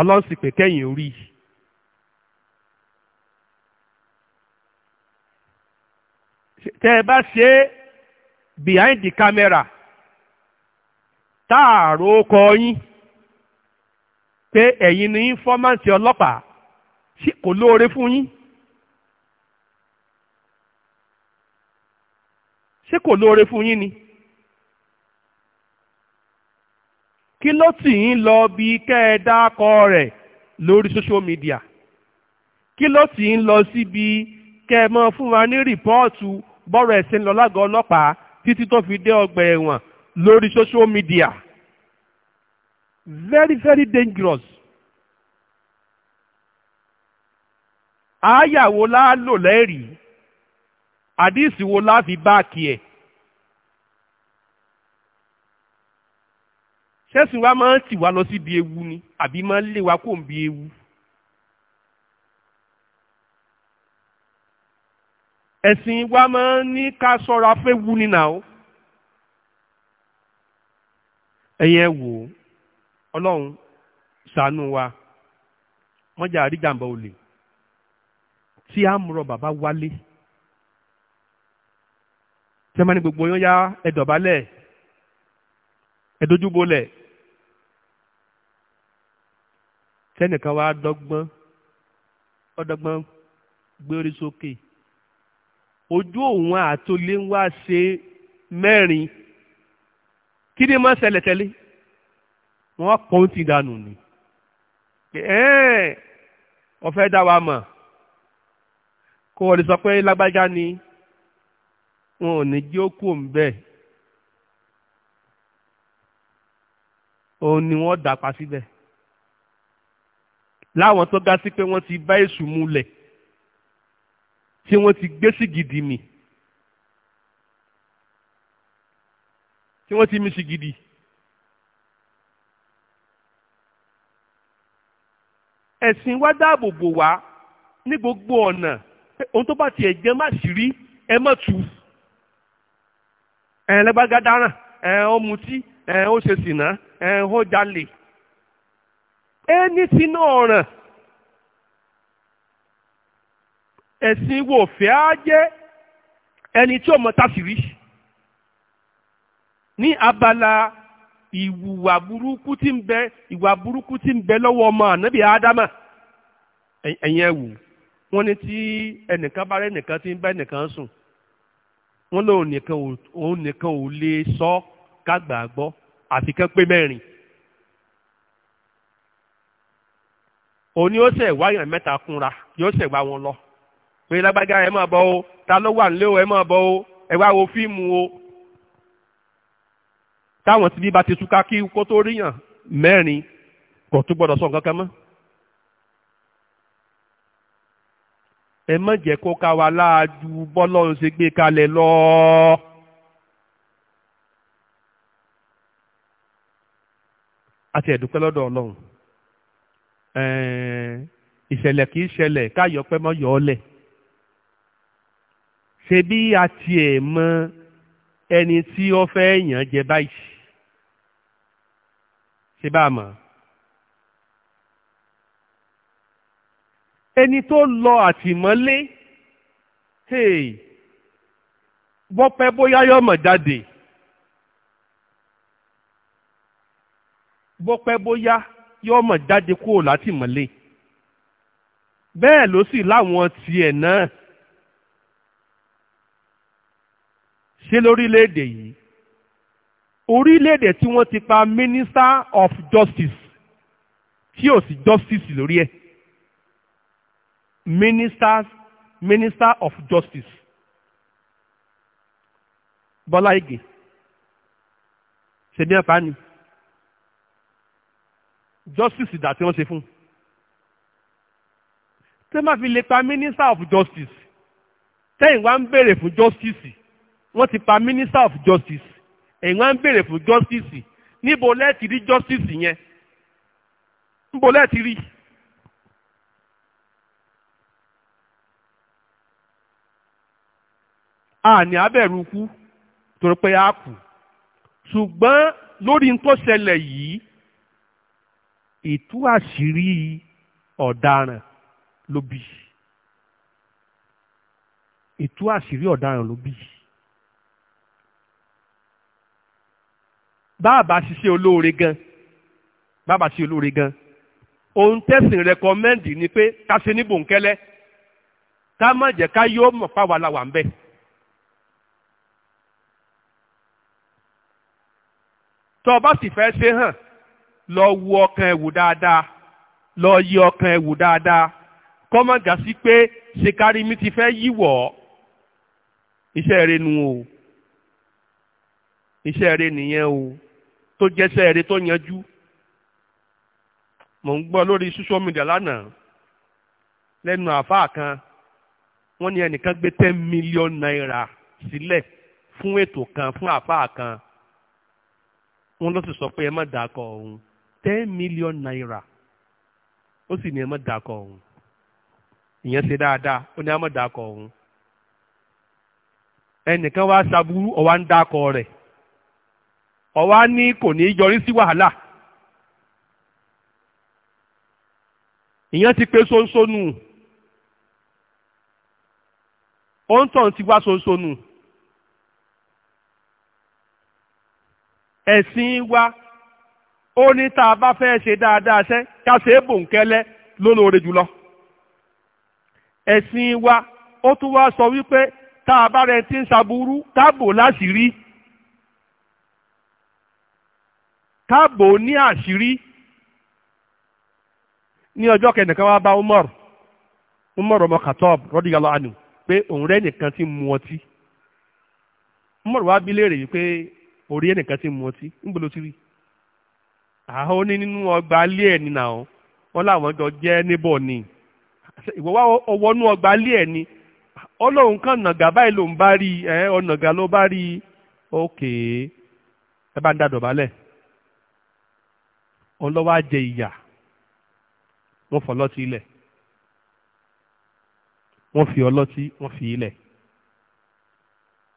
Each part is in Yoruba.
ọlọ́run sì pé kẹ́yìn orí tẹ́ ẹ bá ṣe behind the camera táàrò kọ yín pé ẹ̀yin ni informant ọlọ́pàá sí kò lóore fún yín ṣé kò lóore fún yín ni. kí ló tì yín lọ bí kẹ́ rẹ̀ lórí social media kí ló tì yín lọ síbi kẹ́ ẹ mọ́ fún wa ní rìpọ́ọ̀tù bọ́rọ̀ ẹ̀sìn lọ lágọ̀ọ́ ọlọ́pàá títí tó fi dé ọgbà ẹ̀wọ̀n lórí social media very very dangerous. àáyà wo la lò lẹ́rìí àdíìsì wo la fi báàkì ẹ̀ sẹ́sìn wa máa ń tì wá lọ síbi ewu ni àbí máa ń lé wa kó ń bi ewu. ẹ̀sìn wa máa ń ní ká sọ́ra fẹ́wu ni nà ó. ẹ̀yin wò ó ọlọ́run ṣàánú wa wọ́n jà olè tí a mú bàbá wálé tẹ́mání gbogbo yóò yá ẹ̀dọ̀bálẹ̀ ẹ̀dójúbolẹ̀ tẹ́nìkan wa dọ́gbọ́n ọdọ́gbọ́n gbérí sókè ojú òun àtolé ń wá ṣe mẹ́rin kí ni máa ṣẹlẹ̀ tẹ́lẹ̀ wọ́n kàn ti dànù ni ọ̀fẹ́ dá wa mọ̀ kó wọ́n sọ pé lágbájá ni wọn ò ní jí ó kù ń òun ni wọ́n dàpa síbẹ̀. Si láwọn tó ga sí pé wọ́n ti bá èṣù múlẹ̀ tí wọ́n ti gbé sìgìdì mì tí wọ́n ti mì sìgìdì. ẹ̀sìn wa dáàbò bò wá ní gbogbo ọ̀nà ohun tó bá tiẹ̀ jẹ́ má sì rí ẹ má tu ẹ̀ lẹ́gbàgádáràn ẹ̀ ó mutí ẹ̀ ó ṣe sìnà ẹ̀ ó jalè e tí náà wo fẹ́ ẹni tí ó ní abala ìwà burúkú tí ń bẹ ìwà burúkú tí ń bẹ lọ́wọ́ ọmọ ànábì ádámà ẹ̀yìn ẹ̀wù wọ́n ní tí ẹnìkan bá rẹ̀ nìkan ń bá ẹnìkan sùn wọ́n nìkan ò lè sọ ká òun ni ó ṣẹ̀ wáyàn mẹ́ta kúnra yóò ṣẹ̀ wá wọn lọ pé lágbájá ẹ máa bọ̀ o ta ló wà nílé o ẹ máa bọ̀ o ẹ wá wo fíìmù o táwọn síbí bá ti túká kí kó tó ríyàn mẹ́rin kò tún gbọ́dọ̀ sọ nǹkan kan mọ́. ẹ má jẹ́ kó ká wa láàájú bọ́lọ́run ṣe gbé kalẹ̀ lọ. àti ẹ̀dúpẹ́ lọ́dọ̀ ọlọ́run. Eh, ìṣẹ̀lẹ̀ kì í ṣẹlẹ̀ káyọ̀ pẹ́ mọ́ yọ ọ́lẹ̀ ṣe bí a tiẹ̀ mọ ẹni tí ó fẹ́ yàn jẹ báyìí ṣe bá a mọ̀ ẹni tó lọ àtìmọ́lé bọ́pẹ́ bóyá yọ̀mọ̀ jáde bọ́pẹ́ bóyá yóò mọ̀ jáde kúrò látìmọ́lé bẹ́ẹ̀ ló sì láwọn tiẹ̀ náà ṣe lórílẹ̀‐èdè yìí orílẹ̀-èdè tí wọ́n ti pa minister of justice tí ò sí justice lórí ẹ̀ minister minister of justice Bọ́lá Ìgè ṣèbí ẹ̀pá ni justice ìdá tí wọ́n ṣe fún tẹ́ máa fi lè pa minister of justice tẹ́yìn wá ń béèrè fún justice wọ́n ti pa minister of justice ẹ̀yìn wá ń béèrè fún justice níbo lẹ́ẹ̀tì rí justice yẹn níbo lẹ́ẹ̀tì rí. àní abẹ́rù kú torí pé a kù ṣùgbọ́n lórí n tó ṣẹlẹ̀ yìí ìtú àṣírí ọ̀daràn ló bí ìtú àṣírí ọ̀daràn ló bí. báàbà ṣiṣẹ́ olóore gan báàbà ṣiṣẹ́ olóore gan ohun tẹ̀sìn rẹkọmẹ́ndì ni pé ká ṣe ní bòńkẹ́lẹ́ ká má jẹ́ ká yóò mọ̀ fáwa la wà ń bẹ̀. tọ́ ọ bá sì fẹ́ ṣe hàn lọ wu ọkàn ẹ wò dáadáa lọ yí ọkàn ẹ wò dáadáa kọ́ má gà sí pé ṣèkárí mi ti fẹ́ yíwọ̀ ọ́ iṣẹ́ rẹ nu o iṣẹ́ rẹ nìyẹn o tó jẹ́sẹ́ rẹ tó yanjú mò ń gbọ́ lórí social media lánàá lẹ́nu àáfàá kan wọ́n ní ẹnìkan gbé ten million naira sílẹ̀ fún ètò kan fún àáfàá kan wọ́n ló sì sọ pé ẹ má dàkọ̀ òun ten million naira o si na-eme dakọ ọnwụ ihe si daada onye ama dakọ ọnwụ Enikan wa saburu ọwa ń dakọ rẹ ọwa ní ni ní yọrí sí wàhálà ìyẹn sonsonu ó ń tàn ti wá sonsonu ẹ̀sìn wa. Sonso ó ní tá a bá fẹ́ ṣe dáadáa ṣẹ́ ká ṣe é bòńkẹ́lẹ́ lólóore jùlọ. ẹ̀sìn wa ó tún wá sọ wípé tá a bá rẹ ti ń ṣaburú káàbò láṣìírí káàbò ní àṣírí ní ọjọ́ kẹnìkan wá bá Umar Umar ọmọ Khattab radiyallahu anhu pé òun rẹ nìkan ti mu ọtí Umar wá bi léèrè wípé òun rẹ nìkan ti mu ọtí ń gbọ́dọ̀ rí àwọn ní nínú ọgbà alé ẹ̀ nínà náà wọ́n láwọn jọ jẹ́ níbọ̀ ni ìwọ wá ọwọ́nú ọgbà alé ẹ̀ ni ọlọ́run kan nàgà báyìí ló ń bá rí ẹ ọ̀nàgà ló bá rí òkè ẹ bá ń dàdọ̀ balẹ̀ ọlọ́wọ́ jẹ ìyà wọ́n fọ ọlọ́tí ilẹ̀ wọ́n fi ọlọ́tí wọ́n fi ilẹ̀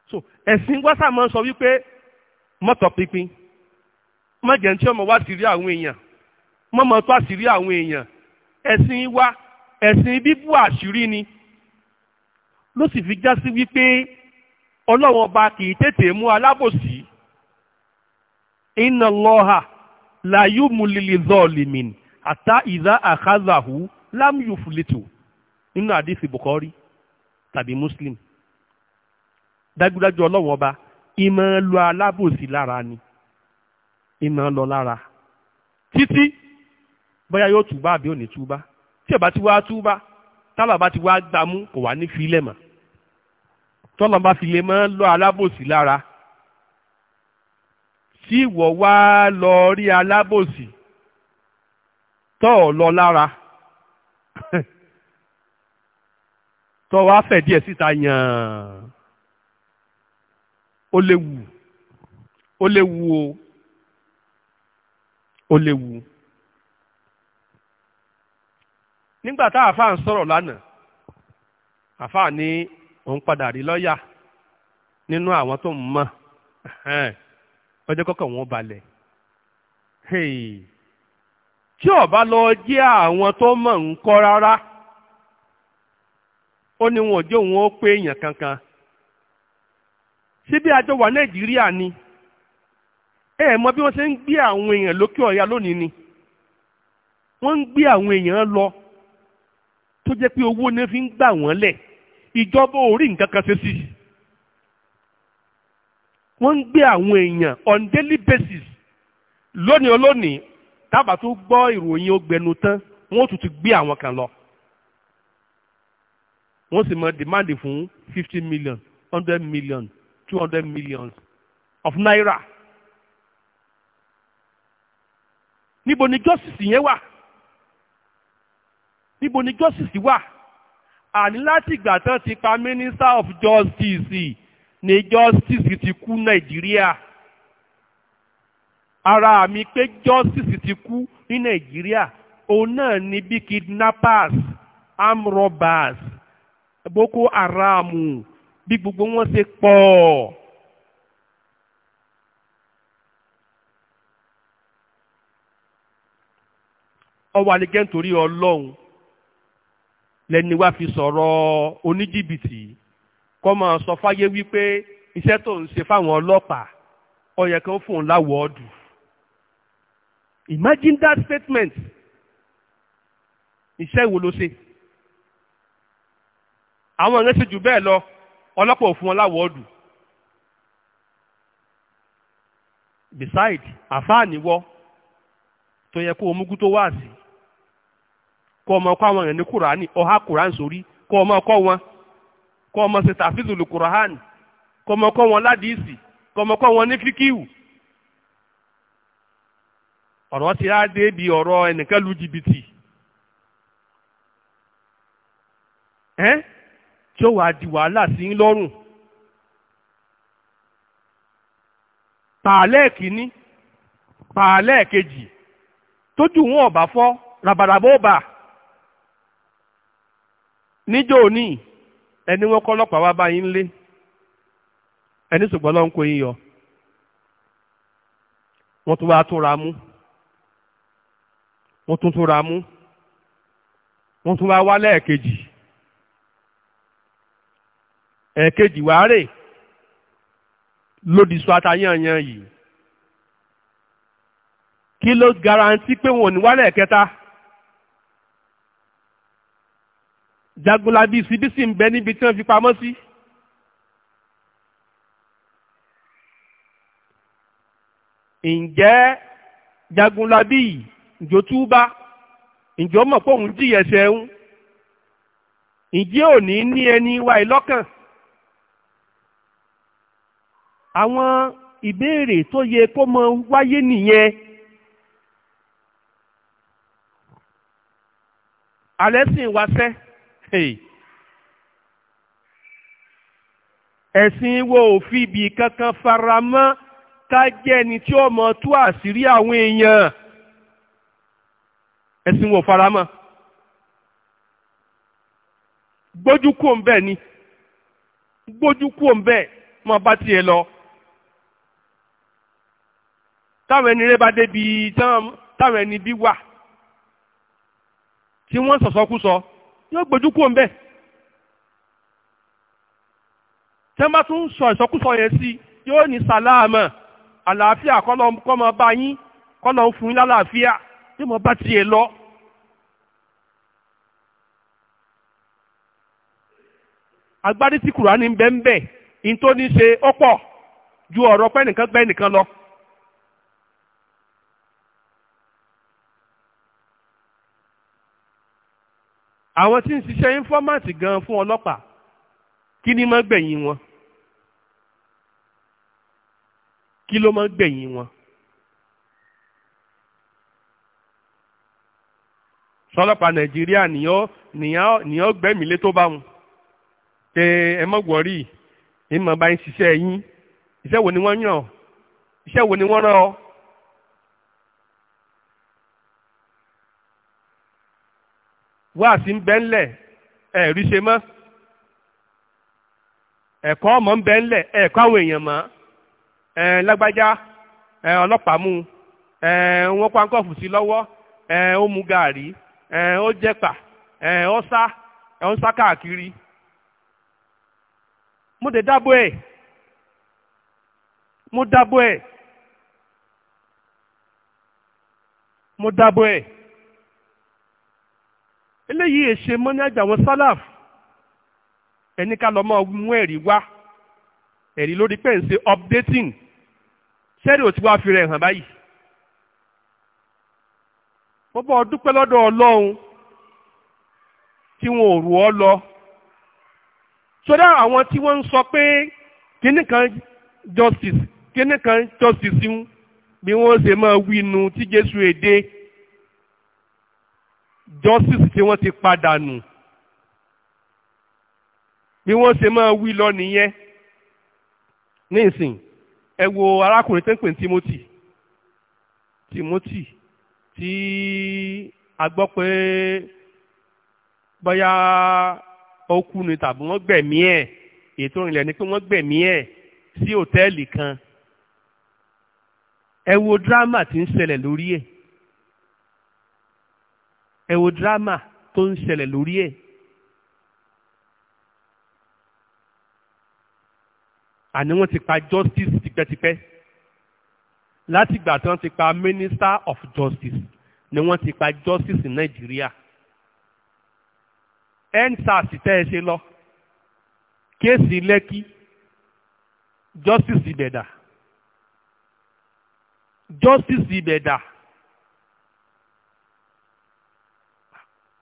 so ẹ̀sìn wásà máa ń sọ wípé mọ́tọ̀ pínpín. má jẹ́ tí ọmọ wá sí rí àwọn èèyàn má mọ̀ tó àṣírí àwọn èèyàn ẹ̀sìn wa ẹ̀sìn bíbú àṣírí ni ló sì fi já sí wípé ọlọ́run ọba kì í tètè mú alábòsí inna Allaha la yumlil zalimin hatta idha akhadhahu lam yuflitu nínú àdìsí Bukhari tàbí Muslim dájúdájú ọlọ́run ọba ìmọ̀ lu alábòsí lára ni iná lọ lára títí bóyá yóò túbá àbí ò ní túbá tí ọba ti wá túbá tálọ̀ bá ti wá gbámú kò wá ní filẹ̀ mọ́ tọ́lọ̀ bá fi lè mọ́ lọ alábòsí lára tí ìwọ wá lọ rí alábòsí tọ́ ọ lọ lára tọ́ wá fẹ̀ díẹ̀ síta yàn ó léwu ó léwu o. ó léwu nígbà tá àáfàá ń sọ̀rọ̀ lánàá àfáà ní òun padà rí lọ́ọ̀yà nínú àwọn tó ń mọ̀ ọjọ́ kọ́kọ́ wọn balẹ̀ tí ọba lọ jẹ́ àwọn tó mọ̀ ń kọ́ rárá ó ní wọn ò jẹ́ òun ó pé èèyàn kankan síbi àjọ wà Nàìjíríà ni. ẹ mọ bí wọ́n ṣe ń gbé àwọn èèyàn lókè ọ̀yà lónìí ni wọ́n ń gbé àwọn èèyàn lọ tó jẹ́ pé owó ní fi ń gbà wọ́n lẹ̀ ìjọba ò rí nǹkan kan ṣe sí i wọ́n ń gbé àwọn èèyàn on daily basis lónìí olónìí tábà tó gbọ́ ìròyìn ogbẹnu tán wọ́n tún ti gbé àwọn kan lọ wọ́n sì mọ demand fún fifty million hundred million two hundred million of naira. níbo ni justice yẹn wà níbo ni justice wà àní láti ìgbà tán ti pa minister of justice ni justice ti kú nàìjíríà ara mi pé justice ti kú ní nàìjíríà òun náà ni bí kidnappers arm robbers boko haram bí gbogbo wọn ṣe pọ̀ ọwọ́ àlegẹ́ nítorí ọlọ́run lẹ́ni wá fi sọ̀rọ̀ oníjìbìtì kọ́ máa sọ fáyé wípé iṣẹ́ tó ń ṣe fáwọn ọlọ́pàá ó yẹ kó fún un láwọ̀ọ́dù imagine that statement iṣẹ́ wo ló ṣe àwọn èèyàn ṣe jù bẹ́ẹ̀ lọ ọlọ́pàá ò fún wọn láwọ̀ọ́dù beside àfáàníwọ́ tó yẹ kó o mú kú tó wá sí i. kọ́ ọmọ kọ́ àwọn èèyàn ní ọha ọ̀há kùránì sórí kọ́ ọmọ kọ́ wọn kọ́ ọmọ ṣe tàfíìsìlù kùránì kọ́ ọmọ kọ́ wọn ládìísì kọ́ ọmọ ọrọ wọn ní ti á dé bí ọrọ ẹnìkan lu jibiti. ẹ́ tí ó di wàhálà sí ń lọ́rùn pàálẹ̀ kìíní pàálẹ̀ kejì tójú wọn ọ̀bà fọ́ níjọ́ òní ẹni wọ́n kọ́ ọlọ́pàá wá bá yín lé ẹni ṣùgbọ́n lọ́n kó yín yọ wọ́n tún wá tóra mú wọ́n tún tóra mú wọ́n tún wá wá lẹ́ẹ̀kejì ẹ̀ẹ̀kejì wàá lòdì sọ àtàyànyàn yìí kí ló garanti pé wọn ò ní wá lẹ́ẹ̀kẹta. jagunlabi sibisi sì ń bẹ níbi tí wọ́n fi pamọ́ sí. ǹjẹ́ jagunlabi yìí ǹjọ́ túbá ǹjọ́ mọ̀ pé òun jìyà ẹ̀ṣẹ̀ ń ǹjẹ́ ò ní ní ẹni wa ìlọ́kàn. àwọn ìbéèrè tó yẹ kó mọ wáyé nìyẹn. alẹ́ sì ń wáṣẹ́ ẹ̀sìn wo ò fi ibì kankan fara mọ́ ká jẹ́ ẹni tí ó mọ tú àṣírí àwọn èèyàn ẹ̀sìn wo fara mọ́ gbójú kúò ń bẹ̀ ni gbójú kúò ń bẹ̀ mọ́ bá tiẹ̀ lọ táwọn ẹni rẹ bá débi táwọn ẹni bí wà tí wọ́n sọ̀sọ́kú sọ. So yóò gbójú kúrò ń bẹ̀ tẹ́ bá tún sọ ìsọkúsọ yẹn sí yóò ní sàlámà àlàáfíà kọ́mọ bá yín kọ́lọ̀ ń fún yín lálàáfíà tí mo bá tiẹ̀ lọ. agbárí tí kùránì ń bẹ́ ń bẹ̀ ní tó ní ṣe ọ̀pọ̀ ju ọ̀rọ̀ pẹ́nìkan gbẹ́nìkan lọ. àwọn tí ń ṣiṣẹ́ ínfọ́màtì gan fún ọlọ́pàá kí ni máa gbẹ̀yìn wọn kí ló máa gbẹ̀yìn wọn. sọlọ́pàá nàìjíríà nìyàn gbẹ̀mílé tó bá wọn pé ẹ mọ̀ gbọ́rí ìmọ̀ bá ń ṣiṣẹ́ yín iṣẹ́ wo ni wọ́n yàn iṣẹ́ wo ni wọ́n rán ọ. wáàsí ń bẹ ńlẹ̀ ẹ̀rí ṣe mọ́ ẹ̀kọ́ ọmọ ń bẹ ńlẹ̀ ẹ̀kọ́ àwọn èèyàn mọ́ ẹ̀ lágbájá ẹ̀ ọlọ́pàá mú ẹ̀ wọ́n pankọ́ọ̀fù sí lọ́wọ́ ẹ̀ ó mu gàárì ẹ̀ ó jẹ́pà ẹ̀ ó sá ẹ̀ ó sá káàkiri mo dé dábò ẹ̀ mo dábò ẹ̀ mo dábò ẹ̀ eléyìí èṣe mọ́nájà àwọn sálàf ẹni ká lọ́mọ mú ẹ̀rí wá ẹ̀rí lórí pẹ́ ń ṣe updating sẹ́rí òtí wá fi rẹ̀ hàn báyìí bọ́bọ́ dúpẹ́ lọ́dọ̀ ọlọ́run tí wọn ò rù ọ́ lọ sódà àwọn tí wọ́n ń sọ pé kíní kan justice kíní kan justice ń bí wọ́n ṣe máa wí nu tí Jésù èdè justice tí wọ́n ti padà nù bí wọ́n ṣe máa wí lọ nìyẹn nísìn ẹ wo arákùnrin tó ń pè ní Timothy Timothy tí a gbọ́ pé bóyá ó kú ni tàbí wọ́n gbẹ̀mí ẹ̀ ètò ìrìnlẹ̀ ni pé wọ́n gbẹ̀mí ẹ̀ sí òtẹ́ẹ̀lì kan ẹ wo dírámà tí ń ṣẹlẹ̀ lórí ẹ̀ ẹ wo dírámà tó ń ṣẹlẹ̀ lórí ẹ̀ àní wọ́n ti pa justice tipẹ́tipẹ́ látìgbà tí wọ́n ti pa minister of justice ni wọ́n ti pa justice in Nàìjíríà endsars tẹ́ ẹ ṣe lọ kéèsì Lẹ́kì justice ìbẹ̀dà justice ìbẹ̀dà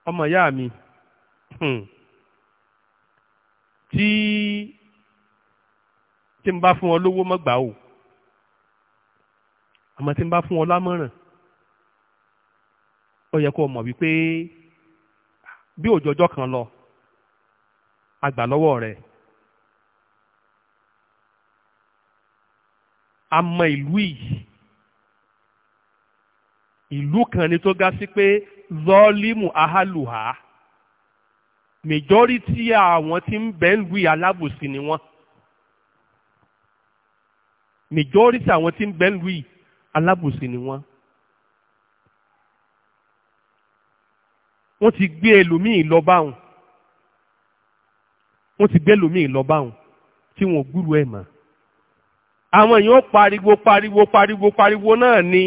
ọmọ ìyá mi hmm, tí tí n bá fún ọ lówó má gbà o àmọ́ tí n bá fún ọ lámọ̀ràn ó yẹ kó o mọ̀ wípé bí òjòjọ́ kan lọ àgbà lọ́wọ́ rẹ̀ a mọ ìlú yìí ìlú kan ni tó ga sí pé zọ́ọ́límù ahálùhà mẹjọ́rítì àwọn tí ń bẹ ń lùi alábòsí ni wọ́n mẹjọ́rítì àwọn tí ń bẹ ń lùi alábòsí ni wọ́n. wọ́n ti gbé ẹlòmíì lọ báwọn wọ́n ti gbé ẹlòmíì lọ báwọn tí wọ́n gbúrú ẹ̀ mọ́ àwọn èèyàn pariwo pariwo pariwo pariwo náà ni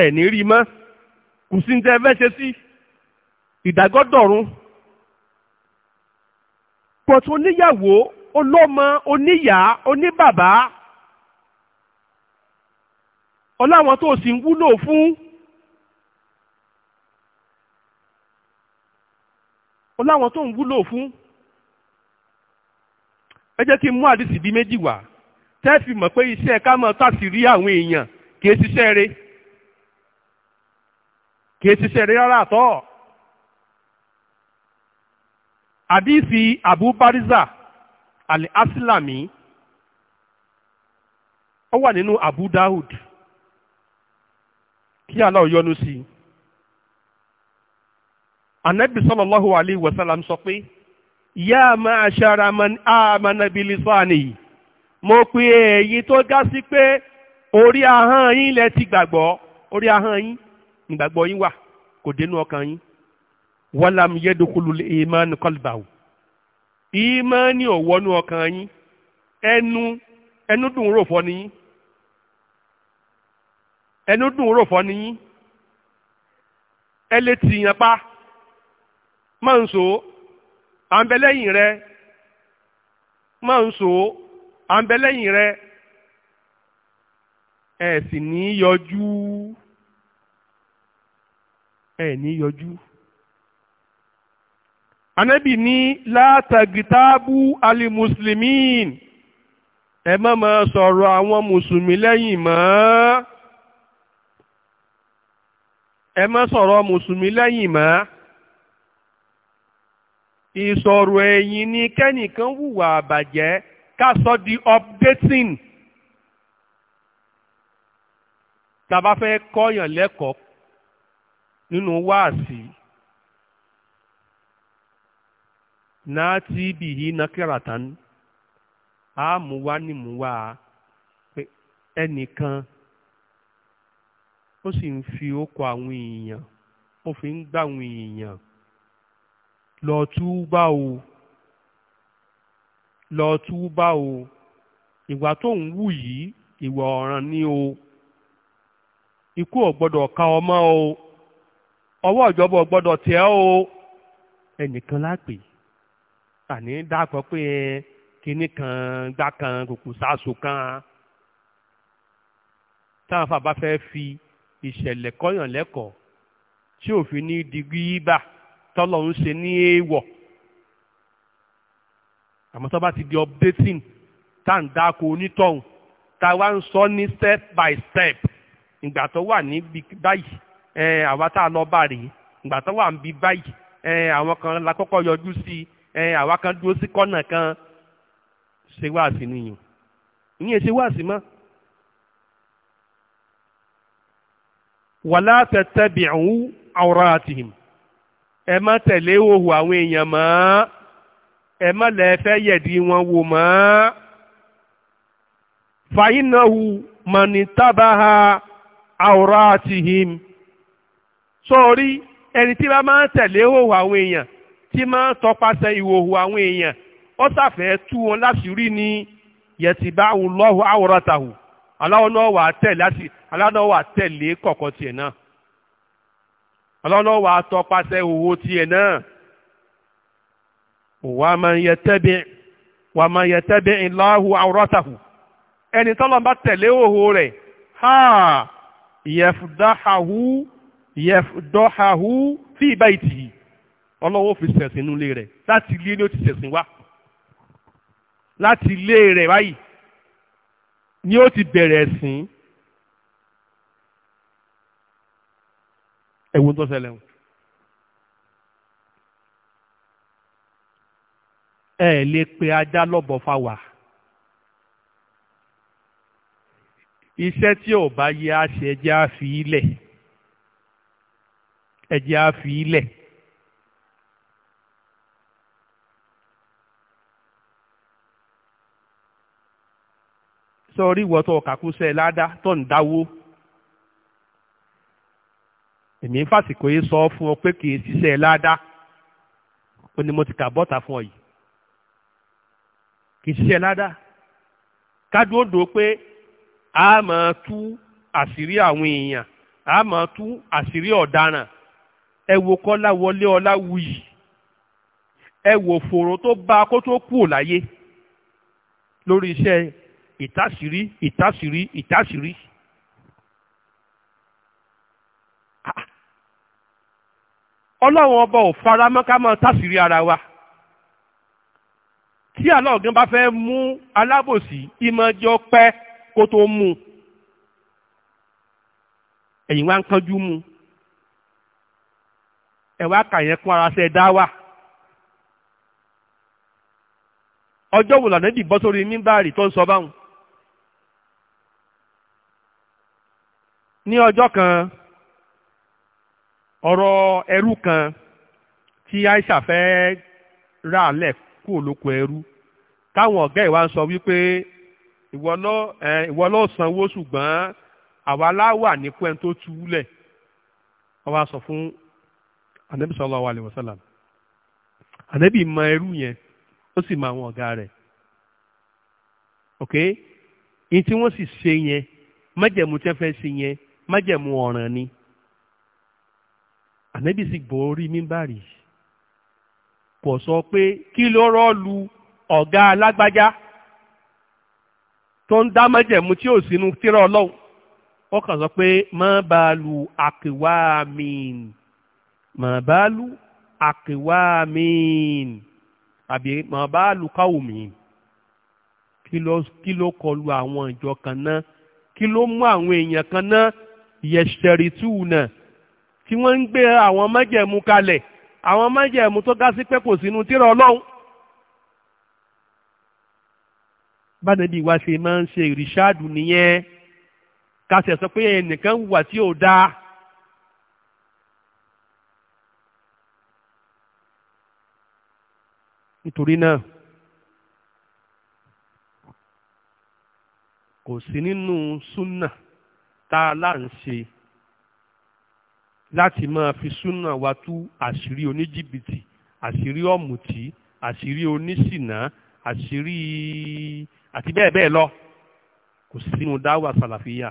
ẹ̀ ní rí mọ́ kò sí ní tẹ́ fẹ́ ṣe sí ìdágọ́dọ̀run pọ̀tù oníyàwó ọlọ́mọ oníyà oníbàbá ọláwọn tó sì ń wúlò fún ọláwọn tó ń wúlò fún ẹ jẹ́ kí n mú àdìsí bíi méjì wá tẹ́ẹ̀fì mọ̀ pé iṣẹ́ ká mọ̀ tàṣírí àwọn èèyàn kì í ṣiṣẹ́ rẹ̀ kì í ṣiṣẹ́ rí rárá àtọ́ àdìsí Abu Bariza al-Aslami ó wà nínú Abu Dawud kí Allah yọ́nú sí i anabi sallallahu alayhi wa sallam sọ pé ya ma'ashara man amana bilisani mo pe èyí tó ga sí pé orí ahọ́n yín lẹ ti gbàgbọ́ orí ahọ́n yín nígbàgbọ́ yín wà kò dénú ọkàn yín wàlám yẹ́dùkúlù ìmánì kọlbàù ìmánì ò wọnú ọkàn yín ẹnu ẹnu dùn rò fọ́ niyín ẹnu dùn rò fọ́ niyín ẹ lè tìyàn pa máa ń so à rẹ máa ń so à rẹ ẹ sì ní yọjú ẹ̀ ní yọjú. Ànábì ní látàgìtábù alimuslimin ẹ má máa sọ̀rọ̀ àwọn mùsùlùmí lẹ́yìn mọ́ ẹ má sọ̀rọ̀ mùsùlùmí lẹ́yìn mọ́ ìsọ̀rọ̀ ẹ̀yìn ni kẹ́nìkan hùwà àbàjẹ́ ká sọ di updating tàbá fẹ́ kọ́yàn lẹ́kọ̀ọ́ nínú wáàsí náà tí bìí na á mú wá ní mú wá ẹnìkan ó sì ń fi okò àwọn èèyàn ó fi ń gbà àwọn èèyàn lọ túbà o lọ túbà o ìwà tó ń wù yìí ìwà ọ̀ràn ni o ikú ò gbọ́dọ̀ ka ọmọ o. ọwọ́ ìjọba ò gbọ́dọ̀ tẹ̀ o ẹnìkan lápè àní dákọ pé kinní kan gbá kan kòkò sáàsù kan táwọn afa bá fẹ́ fi ìṣẹ̀lẹ̀ kọ́yàn lẹ́kọ̀ọ́ tí òfin ní digbí bá tọ́lọ̀ ń ṣe ní èèwọ̀ àmọ́ tó bá ti di updating tá à ń dáko onítọ̀hún tá a wá ń sọ ní step by step ìgbà tó wà níbi báyìí àwa tá a lọ bá rèé ìgbà tó wà ń bi báyìí àwọn kan la kọ́kọ́ yọjú sí àwa kan dúró sí kọ́nà kan ṣe wáàsí nìyẹn ìyẹn ṣe wáàsí mọ́. wàlá tẹ̀tẹ̀bìrún awratihim ẹ má tẹ̀lé òhù àwọn èèyàn mọ́ ẹ má lẹ fẹ́ yẹ̀dí wọn wò mọ́ sọ́ọ́rí ẹni tí bá máa ń tẹ̀lé ìhòòhò àwọn èèyàn tí máa ń tọpasẹ̀ ìhòòhò àwọn èèyàn ó sàfẹ́ tú wọn láṣìírí ní yẹtìbá wà tẹ̀lé láti aláwọ̀ tẹ̀lé tiẹ̀ náà wà tọpasẹ̀ ìhòòhò tiẹ̀ wà ẹni tọ́lọ́ ha yẹ̀dọ́hàhù fi ìbá ìtì ọlọ́wọ́ fi sẹ̀sìn inú ilé rẹ̀ láti ilé ni ó ti sẹ̀sìn wá láti ilé rẹ̀ báyìí ni ó ti bẹ̀rẹ̀ ẹ̀sìn ẹ̀wọ̀n tó ṣẹlẹ̀ wọn. ẹ lè pe ajá lọ́bọ̀ fáwà iṣẹ́ tí ò bá yẹ àṣẹ jẹ́ ilẹ̀ ẹ̀jẹ̀ á fi ilẹ̀. sọrí ìwọ tó kàkúsẹ ládá tó ń dáwó èmi ń fàsìkò yìí sọ fún ọ pé kì í ṣiṣẹ́ ládá ó ní mo ti kà bọ́ta fún ọ yìí kì í ṣiṣẹ́ ládá kádóńdó pé a máa tú àṣírí àwọn èèyàn a máa tú àṣírí ọ̀daràn ẹ wo kọ́lá wọlé ọláwuyì ẹ wo fòrò tó bá kó tó kú ò láyé lórí iṣẹ́ ìtàṣírí ìtàṣírí ìtàṣírí. ọlọ́run ọba ò fara mọ́ ká máa tàṣírí ara wa tí aláọ̀gán bá fẹ́ mú alábòsí ìmọ̀jọ́ pẹ́ kó tó mú ẹ̀yìn wa ń kánjú mú un. ewa kà yẹn kún ara ṣe dá wà. ọjọ́ wo lànà ìdìbọ́ sórí mímbàárì tó sọ báwọn. ní ọjọ́ kan ọ̀rọ̀ ẹrú kan tí Aisha fẹ́ ra lẹ̀ kú olóko ẹrú táwọn ọ̀gá ìwà ń sọ wípé ìwọ ló sanwó ṣùgbọ́n fún anabi sallallahu alayhi wa sallam anabi mọ ẹrú yẹn ó sì mọ àwọn ọ̀gá rẹ̀ ok yìí tí wọ́n sì ṣe yẹn májẹ̀mú tẹ́ fẹ́ ṣe yẹn májẹ̀mú ọ̀ràn ni anabi sì borí mímbàrí kò sọ pé kí ló rọ́ọ̀lù ọ̀gá alágbájá tó ń dá májẹ̀mú tí ò sínú tírà ọlọ́run ó kàn sọ pé má bàa lu àkèwà mi màbálù àkèwàmíìn àbí màbálù káwòmíìn kí ló kí ló kọlu àwọn ìjọ kan náà kí ló mú àwọn èèyàn kan náà yẹsẹ̀rì túùnà tí wọ́n ń gbé àwọn májẹ̀mú kalẹ̀ àwọn májẹ̀mú tó ga sí pé kò sínú tírà ọlọ́run. bánàbí wa ṣe máa ń ṣe ìrìṣáàdù nìyẹn ká ṣẹ̀ sọ pé ẹnìkan wà tí ò dáa. nítorí náà kò sí nínú súnà tá a là ń ṣe láti máa fi súnà wa tú àṣírí oníjìbìtì àṣírí ọ̀mùtí àṣírí oníṣìnà àṣírí àti bẹ́ẹ̀ bẹ́ẹ̀ lọ kò sí nínú dáwà sàlàfíà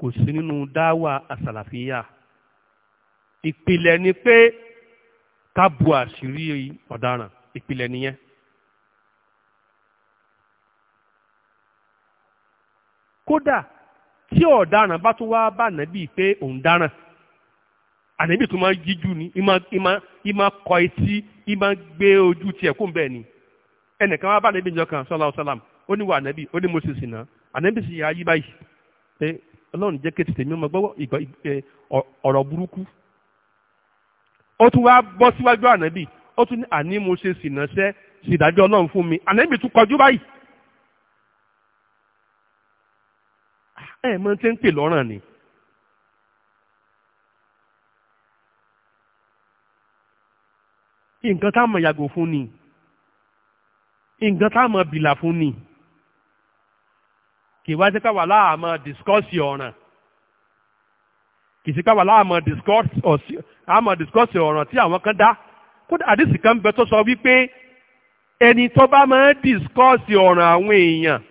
kò sí nínú dáwà àsàlàfíà ìpìlẹ̀ ni pé ka bu siri ọ̀daràn ìpìlẹ̀ nìyẹn. kódà tí ọ̀daràn bá tún wáá bá nàbí pé òun dáràn ànàbí tó máa jíjú ni ìmá kọ etí ìmá gbé ojú tiẹ̀ kó bẹ́ẹ̀ ni ẹnìkan wáá bá nàbí ìjọ kan sallallahu ó ní wà ànàbí ó ní ànàbí sì yà ó tún wá bọ́ síwájú ànábì ó tún ní àní mo ṣe sìnàṣẹ́ sìdájọ́ ọlọ́run fún mi ànábì tún kọjú báyìí. ẹ mọ tí ń pè lọ́ràn ni. nǹkan tá a mọ̀ yàgò fún ni nǹkan tá a mọ̀ bìlà fún ni kì í wá sí káwá láàmú discọ́sì ọ̀ràn kì í ma káwa láàmọ̀ discuss ọ̀ràn tí àwọn kan dá kódà àdìsí kan bẹ tó sọ wípé ẹni tó bá máa ń discuss ọ̀ràn àwọn èèyàn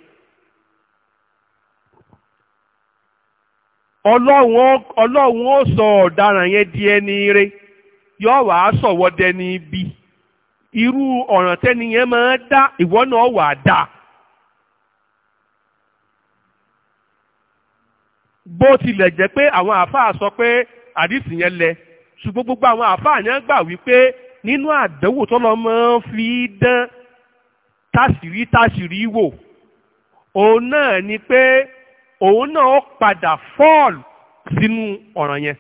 ọlọ́run ó sọ ọ̀daràn yẹn di ẹni rẹ yóò wá sọ̀wọ́ dẹni bí irú ọ̀ràn tẹ́ni yẹn máa dá ìwọ náà wà dáa. bó tilẹ̀ jẹ́ pé àwọn àáfàá sọ pé àdìsí yẹn lẹ ṣùgbọ́n gbogbo àwọn àáfàá yẹn gbà wípé nínú àdánwò tó lọ́ máa ń fi dán táṣìírí táṣìírí wò òun náà ni pé òun náà ó padà fọ́ọ̀lù sínú ọ̀ràn yẹn.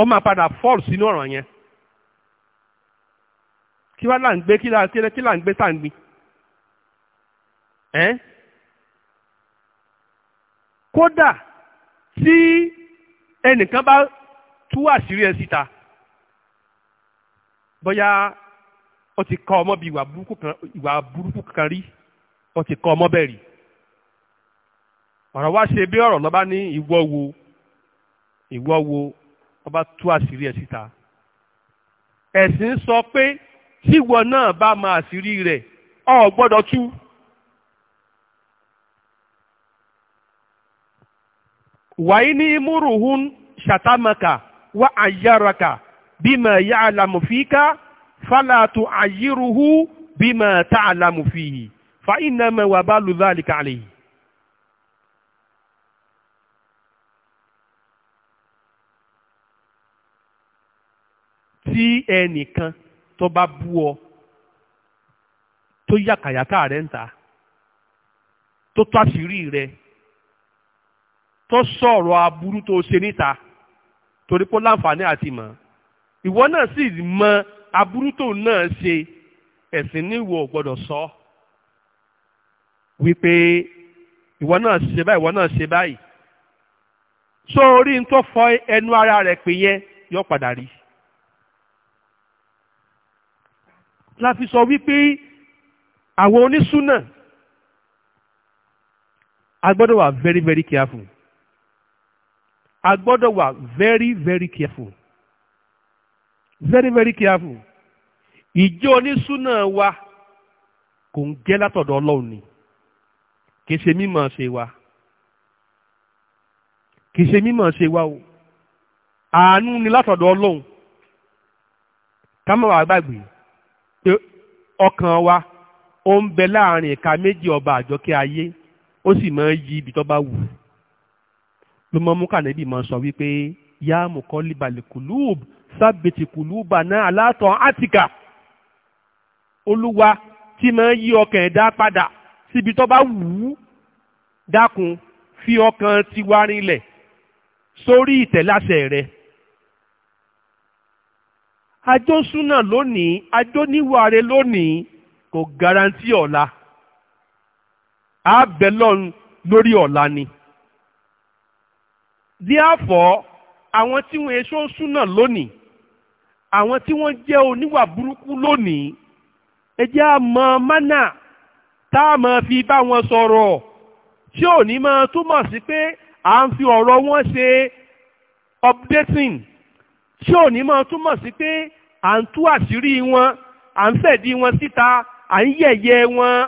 ó máa padà fọ́ọ̀lù sínú ọ̀ràn yẹn kí wá là ń gbé kí là ń gbé tá à ń gbin kódà tí ẹnìkan bá tú àṣírí ẹ síta bóyá ó ti kọ́ ọmọ bí ìwà burúkú kan ìwà burúkú kan rí ó ti kọ́ ọmọ bẹ́ẹ̀ rí ọ̀rọ̀ wá ṣe bí ọ̀rọ̀ lọ́ba ní ìwọ wo ìwọ wo ọba tú àṣírí ẹ síta ẹ̀sìn sọ pé tíwọ náà bá máa àṣírí rẹ̀ ọ̀ gbọ́dọ̀ tú. wàyí ní imúrùhún ṣàtàmàkà wà àyàràkà bímọ ìyá àlàmùfíkà fàlàtù àyírùhù bímọ tá àlàmùfíyì fa ìnàmẹ wà bá lùdá àlìkàlì. tí ẹnìkan tó bá bú ọ tó yàkàyàkà rẹ̀ ń ta tó tó àṣírí rẹ̀ tó sọ̀rọ̀ aburú tó ṣe níta torí pé láǹfààní àti mọ̀ ìwọ náà sì mọ aburú tó náà ṣe ẹ̀sìn ní ìwọ gbọ́dọ̀ sọ wípé ìwọ náà ṣe báyìí ìwọ náà ṣe báyìí so orí n tó fọ ẹnu ara rẹ̀ pé yẹn yọ padà rí la fi sọ wípé àwọn onísùnà a gbọ́dọ̀ wà very very careful a gbọ́dọ̀ wà very very careful very very careful ìjọ onísúná wa kò ń jẹ́ látọ̀dọ̀ ọlọ́run ni kì ṣe mímọ̀ ṣe wa kì í ṣe mímọ̀ ṣe wa o àánú ni látọ̀dọ̀ ọlọ́run ká má wàá gbàgbé pé ọkàn wa ó ń bẹ láàrin ìka méjì ọba àjọkẹ́ ayé ó sì máa ń yí ibi tó bá wù ú ló mọ́ mú kànẹ́bì mọ́ sọ wípé yá mùkọ́líbalẹ̀ kùlúùb sábẹ̀tì kùlúùbà náà alátọ̀ átìkà olúwa tí máa yí ọkàn ẹ̀dá padà síbi tó bá wù ú dákun fi ọkàn tiwa rinlẹ̀ sórí ìtẹ̀láṣẹ rẹ̀ ajó súnà lónìí ajó níwàre lónìí kò garanti ọ̀la àbẹ̀lọ́n lórí ọ̀la ni therefore àwọn tí wọ́n èso súnà lónìí àwọn tí wọ́n jẹ́ oníwà burúkú lónìí ẹ jẹ́ àmọ́ mánà tá a máa fi bá wọn sọ̀rọ̀ tí ò ní máa túmọ̀ sí pé à ń fi ọ̀rọ̀ wọn ṣe updating tí ò ní máa túmọ̀ sí pé à ń tú àṣírí wọn à ń fẹ̀dí wọn síta à ń yẹ̀yẹ́ wọn